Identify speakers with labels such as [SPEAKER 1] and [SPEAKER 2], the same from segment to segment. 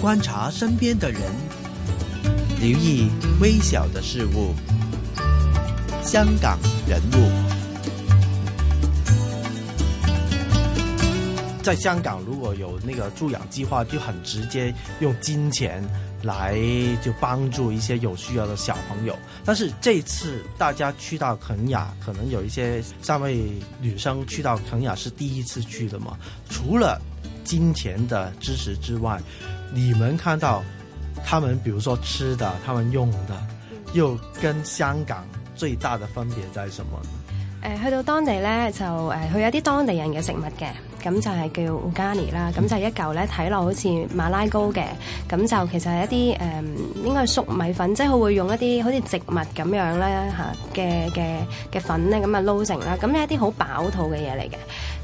[SPEAKER 1] 觀察身邊的人，留意微小的事物。香港人物，在香港如果有那個助養計劃，就很直接用金錢來就幫助一些有需要的小朋友。但是這次大家去到肯雅，可能有一些三位女生去到肯雅是第一次去的嘛。除了金錢的支持之外，你們看到，他們，比如說吃的，他們用的，又跟香港最大的分別在什麼？
[SPEAKER 2] 誒、呃，去到當地咧就誒，佢、呃、有啲當地人嘅食物嘅，咁就係叫烏加尼啦，咁就一嚿咧睇落好似馬拉糕嘅，咁就其實係一啲誒、呃，應該係粟米粉，即係佢會用一啲好似植物咁樣咧吓嘅嘅嘅粉咧，咁啊撈成啦，咁一啲好飽肚嘅嘢嚟嘅。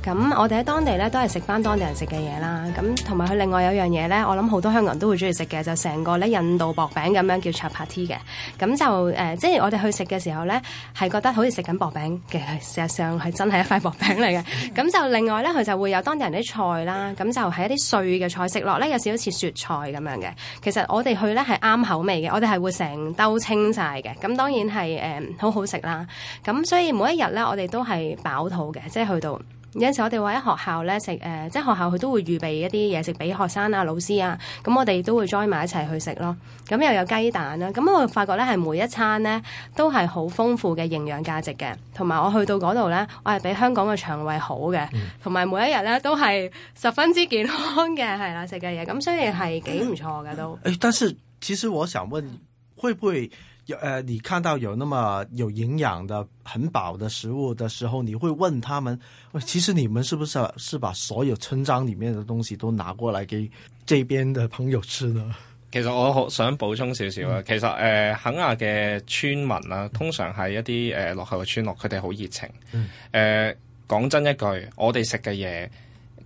[SPEAKER 2] 咁我哋喺當地咧都係食翻當地人食嘅嘢啦，咁同埋佢另外有樣嘢咧，我諗好多香港人都會中意食嘅，就成、是、個咧印度薄餅咁樣叫插 h a a t 嘅，咁就、呃、即係我哋去食嘅時候咧，係覺得好似食緊薄餅嘅，實，實際上係真係一塊薄餅嚟嘅。咁就另外咧，佢就會有當地人啲菜啦，咁就係一啲碎嘅菜食落咧，有少少似雪菜咁樣嘅。其實我哋去咧係啱口味嘅，我哋係會成兜清晒嘅。咁當然係、呃、好好食啦。咁所以每一日咧，我哋都係飽肚嘅，即、就、係、是、去到。有陣時我哋會喺學校咧食誒，即係學校佢都會預備一啲嘢食俾學生啊、老師啊，咁我哋都會 join 埋一齊去食咯。咁又有雞蛋啦、啊，咁我發覺咧係每一餐咧都係好豐富嘅營養價值嘅，同埋我去到嗰度咧，我係比香港嘅腸胃好嘅，同、嗯、埋每一日咧都係十分之健康嘅，係啦食嘅嘢。咁雖然係幾唔錯嘅都。
[SPEAKER 1] 但係其實我想問，嗯、會唔會？有、呃、誒，你看到有那麼有營養的、很飽的食物的時候，你會問他們，其實你們是不是是把所有村莊裏面的東西都拿過來給這邊的朋友吃呢？
[SPEAKER 3] 其實我好想補充少少啊，其實誒，肯、呃、亞嘅村民啊，通常係一啲誒、呃、落後嘅村落，佢哋好熱情。誒、嗯、呃，講真一句，我哋食嘅嘢，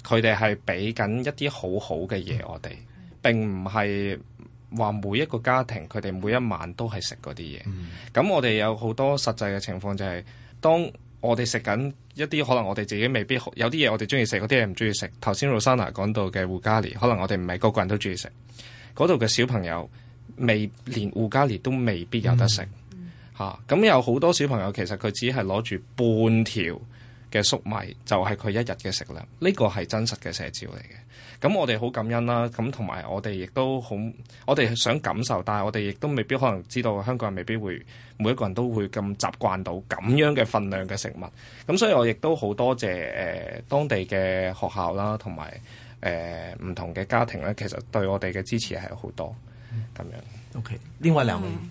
[SPEAKER 3] 佢哋係俾緊一啲好好嘅嘢我哋，並唔係。話每一個家庭，佢哋每一晚都係食嗰啲嘢。咁、嗯、我哋有好多實際嘅情況、就是，就係當我哋食緊一啲可能我哋自己未必有啲嘢，我哋中意食嗰啲嘢唔中意食。頭先露珊娜講到嘅烏加里，可能我哋唔係個個人都中意食。嗰度嘅小朋友，未連烏加里都未必有得食。嚇、嗯！咁、嗯啊、有好多小朋友其實佢只係攞住半條嘅粟米，就係、是、佢一日嘅食量。呢、這個係真實嘅寫照嚟嘅。咁我哋好感恩啦，咁同埋我哋亦都好，我哋想感受，但係我哋亦都未必可能知道香港人未必會每一個人都會咁習慣到咁樣嘅份量嘅食物，咁所以我亦都好多謝誒、呃、當地嘅學校啦，呃、同埋誒唔同嘅家庭咧，其實對我哋嘅支持係好多咁、嗯、樣。OK，另
[SPEAKER 1] 外兩位。嗯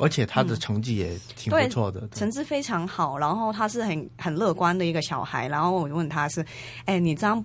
[SPEAKER 1] 而且他的成績也挺不錯的，嗯、成
[SPEAKER 4] 績非常好。然後他是很很樂觀的一個小孩。然後我問他是，哎，你這樣。.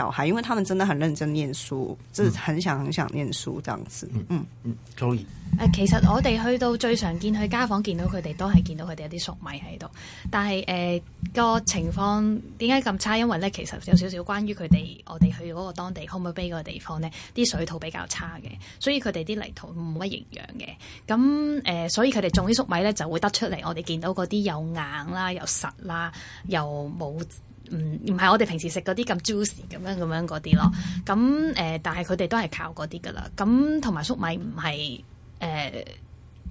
[SPEAKER 4] 因為他們真的很認真念書，即、就是很想很想念書，這樣子。嗯嗯，
[SPEAKER 5] 可其實我哋去到最常見去家訪見到佢哋，都係見到佢哋有啲粟米喺度。但係誒、呃那個情況點解咁差？因為咧，其實有少少關於佢哋，我哋去嗰個當地 Homa Bay 個地方呢啲水土比較差嘅，所以佢哋啲泥土冇乜營養嘅。咁誒、呃，所以佢哋種啲粟米咧就會得出嚟。我哋見到嗰啲又硬啦，又實啦，又冇。唔唔係我哋平時食嗰啲咁 juicy 咁樣咁樣嗰啲咯，咁、嗯呃、但係佢哋都係靠嗰啲噶啦，咁同埋粟米唔係誒。呃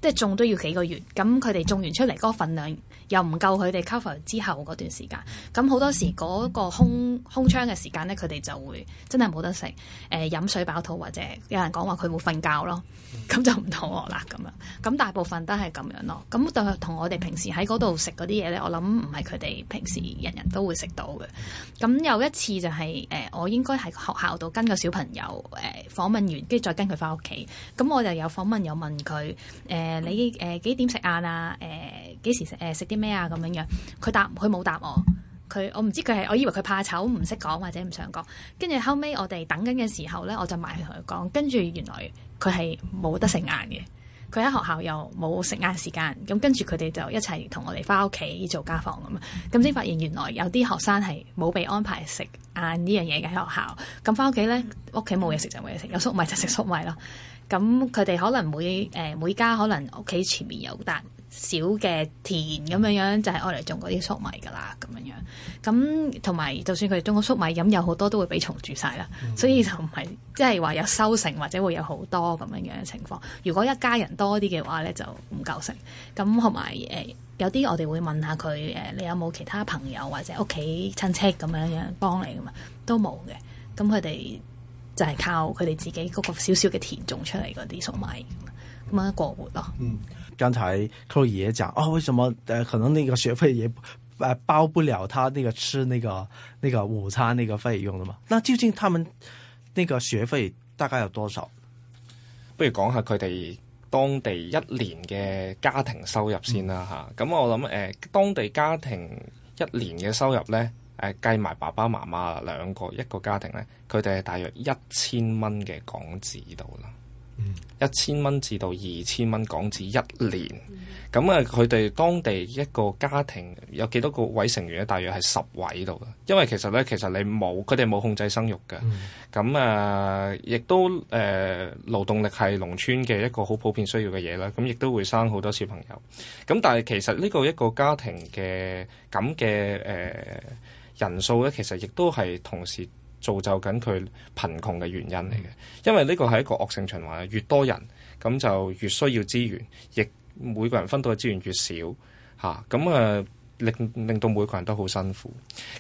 [SPEAKER 5] 即係種都要幾個月，咁佢哋種完出嚟嗰個份量又唔夠佢哋 cover 之後嗰段時間，咁好多時嗰個空空窗嘅時間咧，佢哋就會真係冇得食，誒、呃、飲水飽肚或者有人講話佢會瞓覺咯，咁就唔肚餓啦咁樣，咁大部分都係咁樣咯。咁就同我哋平時喺嗰度食嗰啲嘢咧，我諗唔係佢哋平時人人都會食到嘅。咁有一次就係、是呃、我應該喺學校度跟個小朋友誒、呃、訪問完，跟住再跟佢翻屋企，咁我就有訪問有問佢誒，你、呃、誒幾點食晏啊？誒、呃，幾時食誒食啲咩啊？咁樣樣，佢答佢冇答我，佢我唔知佢係，我以為佢怕醜唔識講或者唔想講。跟住後尾我哋等緊嘅時候咧，我就埋去同佢講，跟住原來佢係冇得食晏嘅，佢喺學校又冇食晏時間。咁跟住佢哋就一齊同我哋翻屋企做家訪咁，咁先發現原來有啲學生係冇被安排食晏呢樣嘢嘅喺學校。咁翻屋企咧，屋企冇嘢食就冇嘢食，有粟米就食粟米咯。咁佢哋可能會每，每家可能屋企前面有笪小嘅田咁樣，就是，樣，就係愛嚟種嗰啲粟米噶啦咁樣樣。咁同埋就算佢哋種咗粟米咁，有好多都會俾蟲蛀晒啦，嗯。所以就唔係即係話有收成或者會有好多咁樣樣情況，如果一家人多啲嘅話咧，就唔夠食。咁同埋有啲，呃、我哋會問下佢，你有冇其他朋友或者屋企親戚咁樣樣幫你噶嘛？都冇嘅。咁佢哋。就係、是、靠佢哋自己嗰個少少嘅田種出嚟嗰啲粟米咁樣過活咯。嗯，
[SPEAKER 1] 剛才 Chloe 講啊，為什麼誒、呃、可能呢個學費也誒、呃、包不了他呢個吃呢、那個那個午
[SPEAKER 3] 餐呢個費用的嘛？那究竟他們那個學費大概有多少？不如講下佢哋當地一年嘅家庭收入先啦吓。咁、嗯、我諗誒、呃，當地家庭一年嘅收入咧。誒計埋爸爸媽媽兩個一個家庭咧，佢哋係大約一千蚊嘅港紙度啦，一千蚊至到二千蚊港紙一年咁啊。嗯、佢哋當地一個家庭有幾多個位成員咧？大約係十位度，因為其實咧，其實你冇佢哋冇控制生育嘅咁啊，亦、嗯呃、都誒、呃、勞動力係農村嘅一個好普遍需要嘅嘢啦。咁亦都會生好多小朋友咁，但係其實呢個一個家庭嘅咁嘅誒。呃人數咧，其實亦都係同時造就緊佢貧窮嘅原因嚟嘅，因為呢個係一個惡性循環，越多人咁就越需要資源，亦每個人分到嘅資源越少吓，咁啊，啊令令到每個人都好辛苦。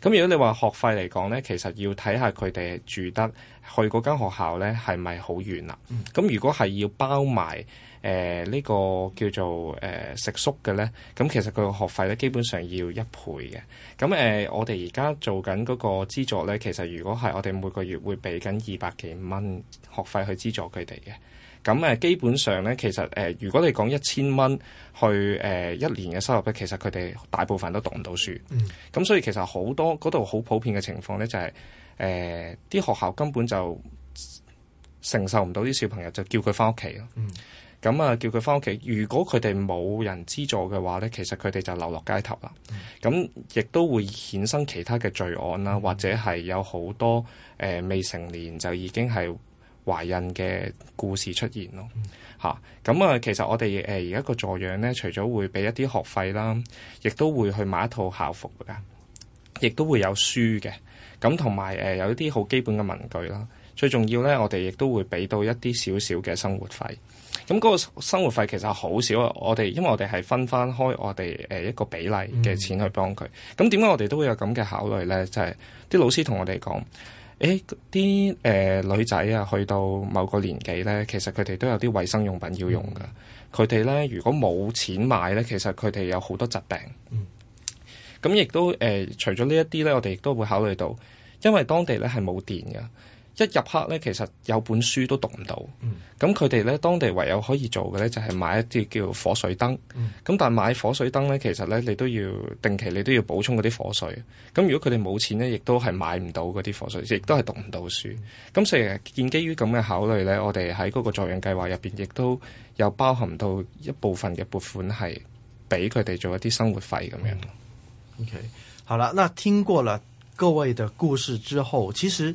[SPEAKER 3] 咁如果你話學費嚟講呢，其實要睇下佢哋住得去嗰間學校呢係咪好遠啦？咁、嗯、如果係要包埋。誒、呃、呢、這個叫做誒、呃、食宿嘅咧，咁其實佢個學費咧基本上要一倍嘅。咁誒、呃，我哋而家做緊嗰個資助咧，其實如果係我哋每個月會俾緊二百幾蚊學費去資助佢哋嘅。咁、呃、基本上咧，其實誒、呃，如果你講一千蚊去誒、呃、一年嘅收入咧，其實佢哋大部分都讀唔到書。咁、嗯、所以其實好多嗰度好普遍嘅情況咧，就係誒啲學校根本就承受唔到啲小朋友，就叫佢返屋企咯。嗯咁啊，叫佢翻屋企。如果佢哋冇人資助嘅話咧，其實佢哋就流落街頭啦。咁、嗯、亦都會衍生其他嘅罪案啦，或者係有好多、呃、未成年就已經係懷孕嘅故事出現咯。嚇、嗯，咁啊，其實我哋而家個助養咧，除咗會俾一啲學費啦，亦都會去買一套校服㗎，亦都會有書嘅。咁同埋有一啲好基本嘅文具啦。最重要咧，我哋亦都會俾到一啲少少嘅生活費。咁嗰個生活費其實好少啊。我哋因為我哋係分翻開我哋誒一個比例嘅錢去幫佢。咁點解我哋都會有咁嘅考慮咧？就係、是、啲老師同我哋講，誒、欸、啲、呃、女仔啊，去到某個年紀咧，其實佢哋都有啲衛生用品要用噶。佢哋咧如果冇錢買咧，其實佢哋有好多疾病。咁、嗯、亦都、呃、除咗呢一啲咧，我哋亦都會考慮到，因為當地咧係冇電噶。一入黑咧，其實有本書都讀唔到。咁佢哋咧當地唯有可以做嘅咧，就係買一啲叫火水燈。咁、嗯、但係買火水燈咧，其實咧你都要定期你都要補充嗰啲火水。咁如果佢哋冇錢咧，亦都係買唔到嗰啲火水，亦都係讀唔到書。咁、嗯、所以建基於咁嘅考慮咧，我哋喺嗰個助養計劃入邊，亦都有包含到一部分嘅撥款，係俾佢哋做一啲生活費咁樣、嗯。
[SPEAKER 1] OK，好喇，嗱，聽過喇各位嘅故事之後，其實。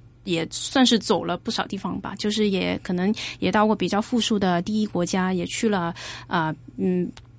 [SPEAKER 6] 也算是走了不少地方吧，就是也可能也到過比較富庶的第一國家，也去了啊、呃，嗯，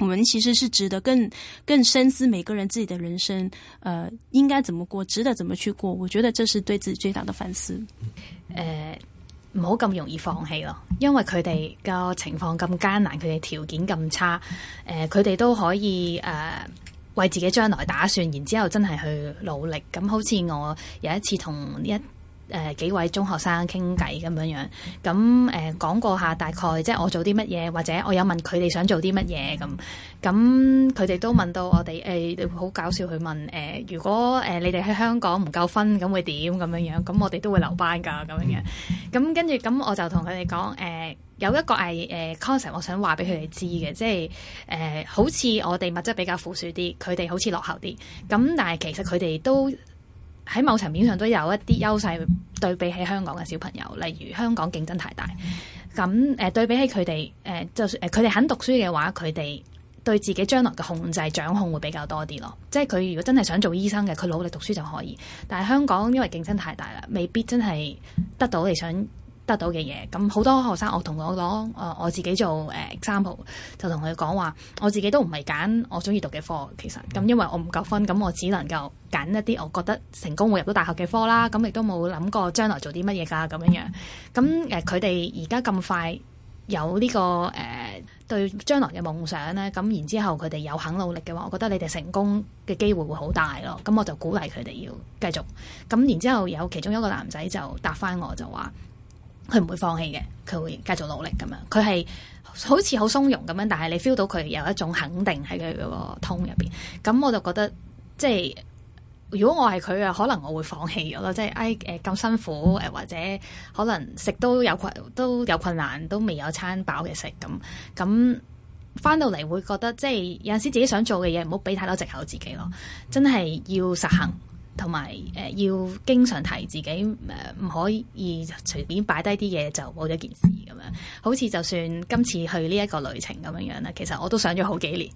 [SPEAKER 6] 我們其實是值得更更深思每個人自己的人生，誒、呃，應該怎麼過，值得怎麼去過？我覺得這是對自己最大的反思。誒、呃，唔好咁容易放棄咯，
[SPEAKER 5] 因為佢哋個情況咁艱難，佢哋條件咁差，誒、呃，佢哋都可以誒、呃、為自己的將來打算，然之後真係去努力。咁好似我有一次同一。誒、呃、幾位中學生傾偈咁樣樣，咁誒、呃、講過下大概，即、就、係、是、我做啲乜嘢，或者我有問佢哋想做啲乜嘢咁，咁佢哋都問到我哋誒，好、欸、搞笑去問誒、呃，如果誒、呃、你哋喺香港唔夠分，咁會點咁樣樣？咁我哋都會留班㗎咁樣樣。咁跟住咁，我就同佢哋講誒，有一個係誒、呃、concept，我想話俾佢哋知嘅，即係誒、呃、好似我哋物質比較富庶啲，佢哋好似落後啲，咁但係其實佢哋都。喺某層面上都有一啲優勢，對比起香港嘅小朋友，例如香港競爭太大，咁誒對比起佢哋誒，就算誒佢哋肯讀書嘅話，佢哋對自己將來嘅控制掌控會比較多啲咯。即係佢如果真係想做醫生嘅，佢努力讀書就可以。但係香港因為競爭太大啦，未必真係得到你想得到嘅嘢，咁好多學生，我同我講，我自己做誒 example，就同佢講話，我自己都唔係揀我中意讀嘅科，其實，咁因為我唔夠分，咁我只能夠揀一啲我覺得成功會入到大學嘅科啦，咁亦都冇諗過將來做啲乜嘢噶，咁樣樣，咁誒，佢哋而家咁快有呢、這個誒、呃、對將來嘅夢想咧，咁然之後佢哋有肯努力嘅話，我覺得你哋成功嘅機會會好大咯，咁我就鼓勵佢哋要繼續，咁然之後有其中一個男仔就答返我就話。佢唔會放棄嘅，佢會繼續努力咁樣。佢係好似好鬆容咁樣，但係你 feel 到佢有一種肯定喺佢嗰個 tone 入邊。咁我就覺得，即係如果我係佢啊，可能我會放棄咗咯。即係誒，咁、呃、辛苦誒，或者可能食都有困，都有困難，都未有餐飽嘅食。咁咁返到嚟會覺得，即係有陣時自己想做嘅嘢，唔好俾太多借口自己咯。真係要實行。同埋誒要經常提自己誒，唔可以隨便擺低啲嘢就冇咗件事咁樣。好似就算今次去呢一個旅程咁樣樣啦，其實我都想咗好幾年，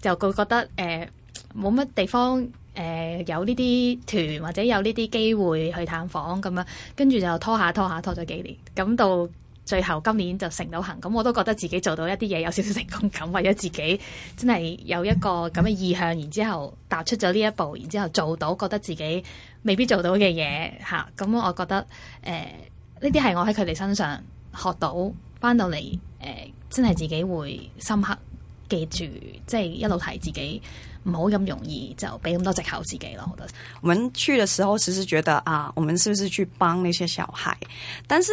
[SPEAKER 5] 就覺覺得誒冇乜地方誒、呃、有呢啲團或者有呢啲機會去探訪咁樣，跟住就拖下拖下拖咗幾年，咁到。最後今年就成到行，咁我都覺得自己做到一啲嘢有少少成功感，為咗自己真係有一個咁嘅意向，然之後踏出咗呢一步，然之後做到覺得自己未必做到嘅嘢嚇，咁、嗯、我覺得誒呢啲係我喺佢哋身上學到，翻到嚟、呃、真係自己會深刻記住，即、就、係、是、一路提自
[SPEAKER 4] 己唔好咁容易就俾咁多借口自己咯。好多時，我哋去嘅時候其實覺得啊，我們是不是去幫呢些小孩？但是。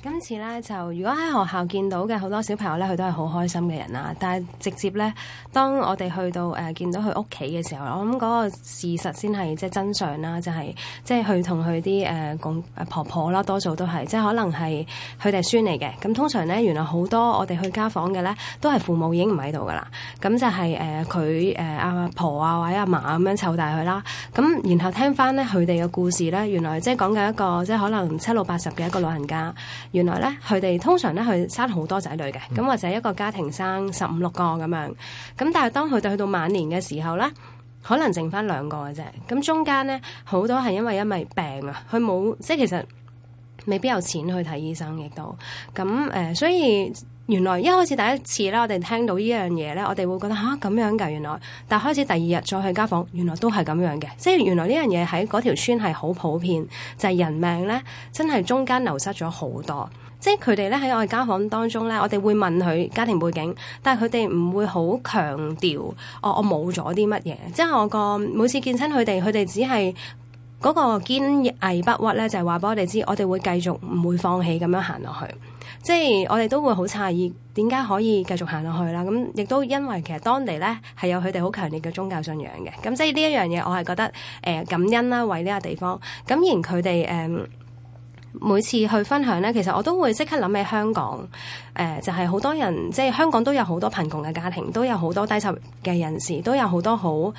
[SPEAKER 2] 今次呢，就如果喺學校見到嘅好多小朋友呢，佢都係好開心嘅人啦。但係直接呢，當我哋去到誒、呃、見到佢屋企嘅時候，我諗嗰個事實先係即係真相啦，就係、是、即係去同佢啲誒公婆婆啦，多數都係即係可能係佢哋孫嚟嘅。咁通常呢，原來好多我哋去家訪嘅呢，都係父母已經唔喺度噶啦。咁就係誒佢誒阿婆啊或者阿嫲咁樣湊大佢啦。咁然後聽翻呢，佢哋嘅故事呢，原來即係講緊一個即係可能七老八十嘅一個老人家。原來咧，佢哋通常咧，佢生好多仔女嘅，咁、嗯、或者一個家庭生十五六個咁樣，咁但係當佢哋去到晚年嘅時候咧，可能剩翻兩個嘅啫，咁中間咧好多係因為因為病啊，佢冇，即係其實未必有錢去睇醫生，亦都咁誒，所以。原來一開始第一次咧，我哋聽到呢樣嘢咧，我哋會覺得吓，啊，咁樣㗎，原來。但開始第二日再去家訪，原來都係咁樣嘅，即係原來呢樣嘢喺嗰條村係好普遍，就係人命咧真係中間流失咗好多。即係佢哋咧喺我哋家訪當中咧，我哋會問佢家庭背景，但係佢哋唔會好強調哦，我冇咗啲乜嘢，即係我個每次見親佢哋，佢哋只係嗰個堅毅不屈咧，就係話俾我哋知，我哋會繼續唔會放棄咁樣行落去。即係我哋都會好詫異，點解可以繼續行落去啦，咁亦都因為其實當地咧係有佢哋好強烈嘅宗教信仰嘅，咁即係呢一樣嘢我係覺得誒感恩啦，為呢個地方，咁而佢哋誒每次去分享咧，其實我都會即刻諗起香港誒，就係、是、好多人即係香港都有好多貧窮嘅家庭，都有好多低收入嘅人士，都有好多好誒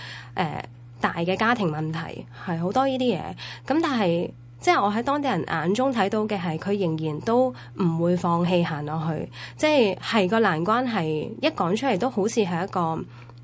[SPEAKER 2] 大嘅家庭問題，係好多呢啲嘢，咁但係。即係我喺當地人眼中睇到嘅係，佢仍然都唔會放棄行落去。即係係個難關係，一講出嚟都好似係一個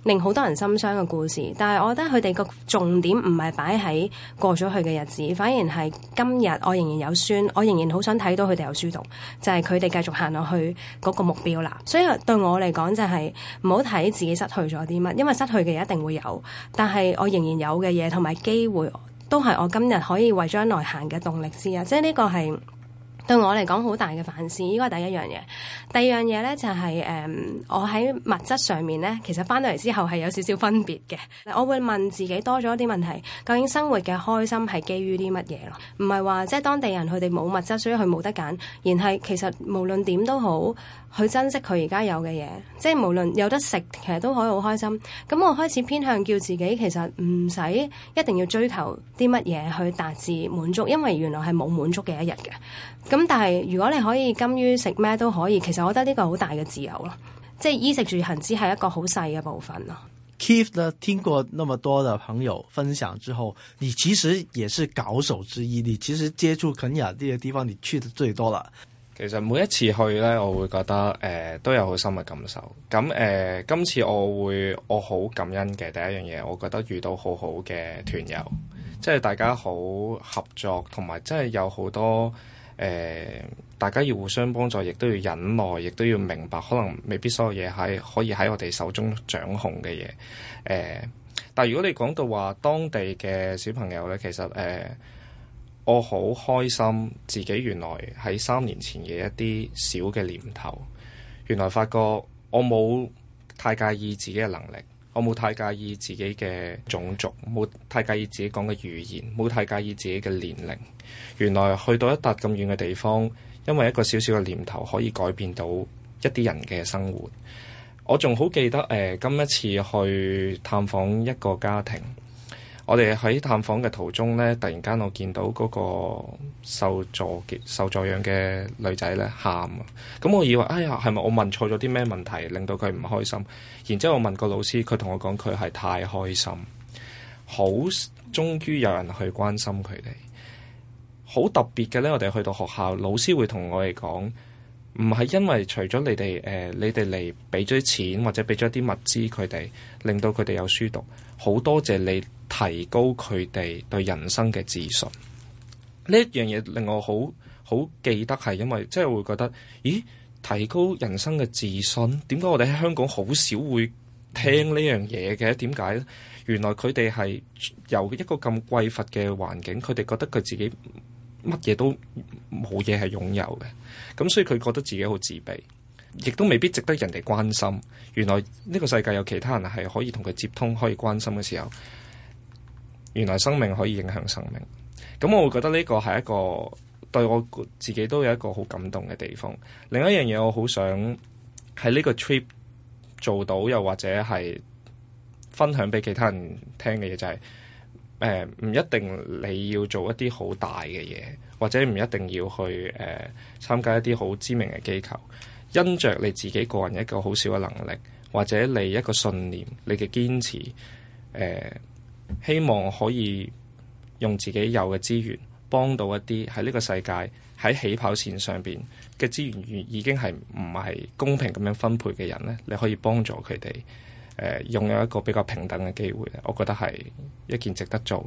[SPEAKER 2] 令好多人心傷嘅故事。但係我覺得佢哋個重點唔係擺喺過咗去嘅日子，反而係今日我仍然有酸，我仍然好想睇到佢哋有書讀，就係佢哋繼續行落去嗰個目標啦。所以對我嚟講就係唔好睇自己失去咗啲乜，因為失去嘅一定會有，但係我仍然有嘅嘢同埋機會。都係我今日可以為將來行嘅動力之一！即係呢個係對我嚟講好大嘅反思，呢個係第一樣嘢。第二樣嘢呢，就係、是、誒，我喺物質上面呢，其實翻到嚟之後係有少少分別嘅。我會問自己多咗一啲問題，究竟生活嘅開心係基於啲乜嘢咯？唔係話即係當地人佢哋冇物質，所以佢冇得揀。而係其實無論點都好。去珍惜佢而家有嘅嘢，即係無論有得食，其實都可以好開心。咁我開始偏向叫自己，其實唔使一定要追求啲乜嘢去達至滿足，因為原來係冇滿足嘅一日嘅。咁但係如果你可以甘於食咩都可以，其實我覺得呢個好大嘅自由咯。即係衣食住行只係一個好細嘅部分咯。
[SPEAKER 1] Keith 呢，聽過那麼多嘅朋友分享之後，你其實也是搞手之一。你其實接觸肯雅啲嘅地方，
[SPEAKER 3] 你去得最多啦。其實每一次去呢，我會覺得誒、呃、都有好深嘅感受。咁誒、呃，今次我會我好感恩嘅第一樣嘢，我覺得遇到好好嘅團友，即係大家好合作，同埋真係有好多誒、呃，大家要互相幫助，亦都要忍耐，亦都要明白，可能未必所有嘢係可以喺我哋手中掌控嘅嘢。誒、呃，但如果你講到話當地嘅小朋友呢，其實誒、呃我好開心，自己原來喺三年前嘅一啲小嘅念頭，原來發覺我冇太介意自己嘅能力，我冇太介意自己嘅種族，冇太介意自己講嘅語言，冇太介意自己嘅年齡。原來去到一笪咁遠嘅地方，因為一個小小嘅念頭可以改變到一啲人嘅生活。我仲好記得，呃，今一次去探訪一個家庭。我哋喺探訪嘅途中咧，突然間我見到嗰個受助嘅受助養嘅女仔咧喊，咁我以為，哎呀，係咪我問錯咗啲咩問題令到佢唔開心？然之後我問個老師，佢同我講佢係太開心，好終於有人去關心佢哋，好特別嘅咧。我哋去到學校，老師會同我哋講。唔係因為除咗你哋，誒、呃、你哋嚟俾咗啲錢或者俾咗啲物資他們，佢哋令到佢哋有書讀。好多謝你提高佢哋對人生嘅自信。呢一樣嘢令我好好記得係因為，即、就、係、是、會覺得，咦，提高人生嘅自信，點解我哋喺香港好少會聽呢樣嘢嘅？點解咧？原來佢哋係由一個咁匱乏嘅環境，佢哋覺得佢自己。乜嘢都冇嘢係擁有嘅，咁所以佢覺得自己好自卑，亦都未必值得人哋關心。原來呢個世界有其他人係可以同佢接通，可以關心嘅時候，原來生命可以影響生命。咁我會覺得呢個係一個對我自己都有一個好感動嘅地方。另一樣嘢我好想喺呢個 trip 做到，又或者係分享俾其他人聽嘅嘢就係。誒、呃、唔一定要你要做一啲好大嘅嘢，或者唔一定要去、呃、參加一啲好知名嘅機構，因着你自己個人一個好少嘅能力，或者你一個信念、你嘅堅持、呃，希望可以用自己有嘅資源幫到一啲喺呢個世界喺起跑線上邊嘅資源已經係唔係公平咁樣分配嘅人咧？你可以幫助佢哋。誒，擁有一個比較平等嘅機會，我覺得係一件值得做。